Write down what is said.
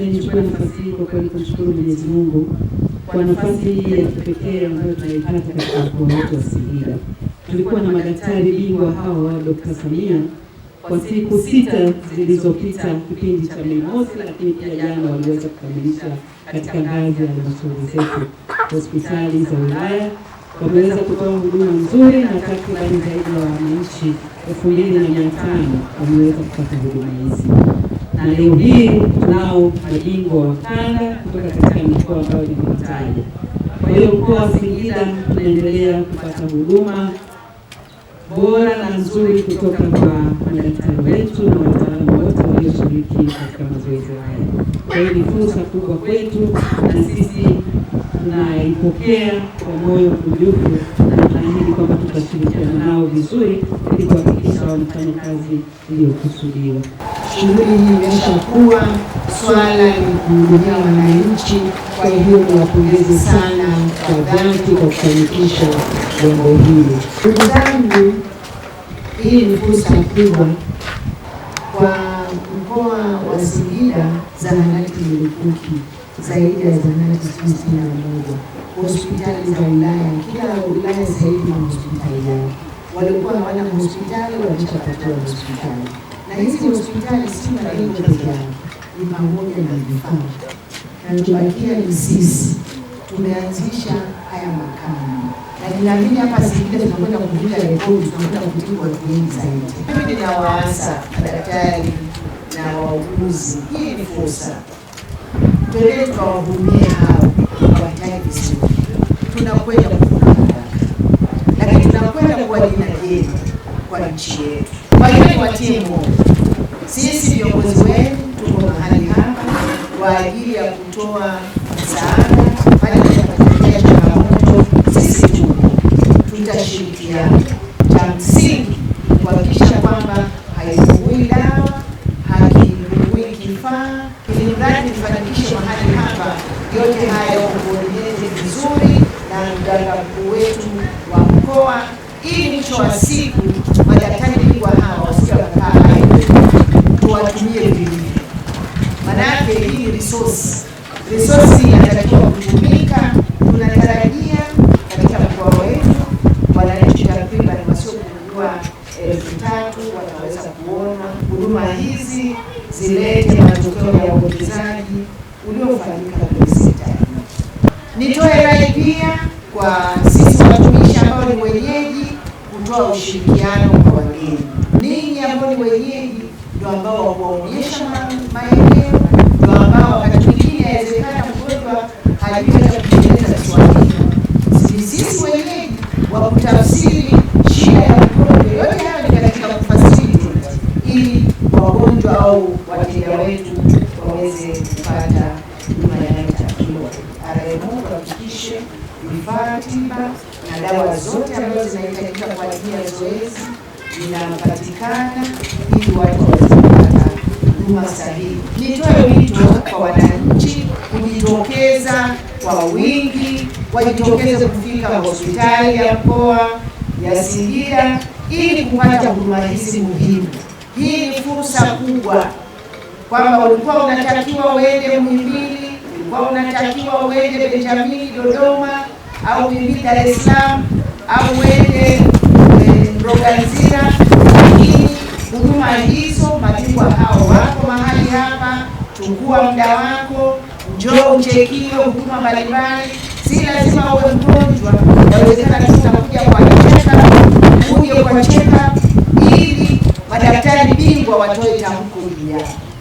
Nichukue nafasi hii kwa kweli kumshukuru Mwenyezi Mungu kwa nafasi hii ya kipekee ambayo tunaipata katika mkoa wetu wa Singida. Tulikuwa na madaktari bingwa hawa wa Dr. Samia kwa siku sita zilizopita, kipindi cha Mei Mosi, lakini pia jana waliweza kukamilisha katika ngazi ya halmashauri zetu hospitali za wilaya wameweza kutoa huduma nzuri na takribani zaidi ya wananchi elfu mbili na mia tano wameweza kupata huduma hizi na leo hii tunao mabingwa wa kanda kutoka katika mikoa ambayo nimetaja. Kwa hiyo mkoa wa Singida tunaendelea kupata huduma bora na nzuri kutoka kwa madaktari wetu na wataalamu wote walioshiriki katika mazoezi haya. Kwa hiyo ni fursa kubwa kwetu, na sisi tunaipokea kwa moyo mkunjufu na tunaahidi kwamba tutashirikiana nao vizuri ili kuhakikisha wanafanya kazi iliyokusudiwa shughuli hii kuwa swala ni kuhudumia wananchi. Kwa hiyo niwapongeze sana kwa dhati kwa kufanikisha jambo hili. Ndugu zangu, hii ni fursa kubwa kwa mkoa wa Singida. Zahanati milipuki zaidi ya zahanati sitini na moja hospitali za wilaya, kila wilaya sasa hivi na hospitali yao. Walikuwa hawana hospitali, walishapatiwa hospitali na hizi ni hospitali sitini na nne peke yake, ni pamoja na vifaa. Kinachobakia ni sisi tumeanzisha haya makao, na ninaamini hapa Singida tunakwenda kuvunja rekodi, tunakwenda kutibu watu wengi zaidi. Mimi ninawaasa madaktari na wauguzi, hii ni fursa, twendeni tukawahudumie hao wahitaji vizuri. Tunakwenda kuvuna madaraka, lakini tunakwenda kuwa jina jema kwa nchi yetu. Kwa hiyo niwatie moyo kwa ajili ya kutoa msaada pale tunapotokea changamoto. Sisi tu tutashirikiana, cha msingi kuhakikisha kwamba haipungui dawa, hakipungui kifaa, ili mradi mahali hapa yote hayo kuonyeze vizuri na mganga mkuu wetu wa mkoa, ili mwisho wa siku madaktari Manake hii resource resource inatakiwa kutumika. Tunatarajia katika mkoa wetu wananchi takriban wasiopungua elfu tatu wataweza kuona huduma hizi zilete matokeo ya uwekezaji uliofanyika kwenye sekta Nitoe rai pia kwa sisi watumishi ambao ni wenyeji kutoa ushirikiano kwa wageni. Ninyi ambao ni wenyeji ndio ambao wakuwaonyesha maeneo sisi wenyeji wa kutafsiri shida ya mgonjwa yote hayo ni katika kufasiri ili wagonjwa au wateja wetu waweze kupata huduma yanayotakiwa. RMO tuhakikishe vifaa tiba na dawa zote ambazo zinahitajika kwa ajili ya zoezi zinapatikana ili watu huduma stahili. Nitoe wito kwa wananchi kujitokeza kwa wingi, wajitokeze kufika hospitali ya mkoa ya Singida ili kupata huduma hizi muhimu. Hii ni fursa kubwa kwamba ulikuwa unatakiwa uende Muhimbili, ulikuwa unatakiwa uende Benjamini Dodoma, au Muhimbili Dar es Salaam, au uende eh, Mloganzila, lakini huduma hizo matiwa hawa hapa, chukua muda wako, njoo uchekiwe huduma mbalimbali. Si lazima uwe mgonjwa, inawezekana kuja kwa cheka, uje kwa cheka, ili madaktari bingwa watoe tamko juu yako.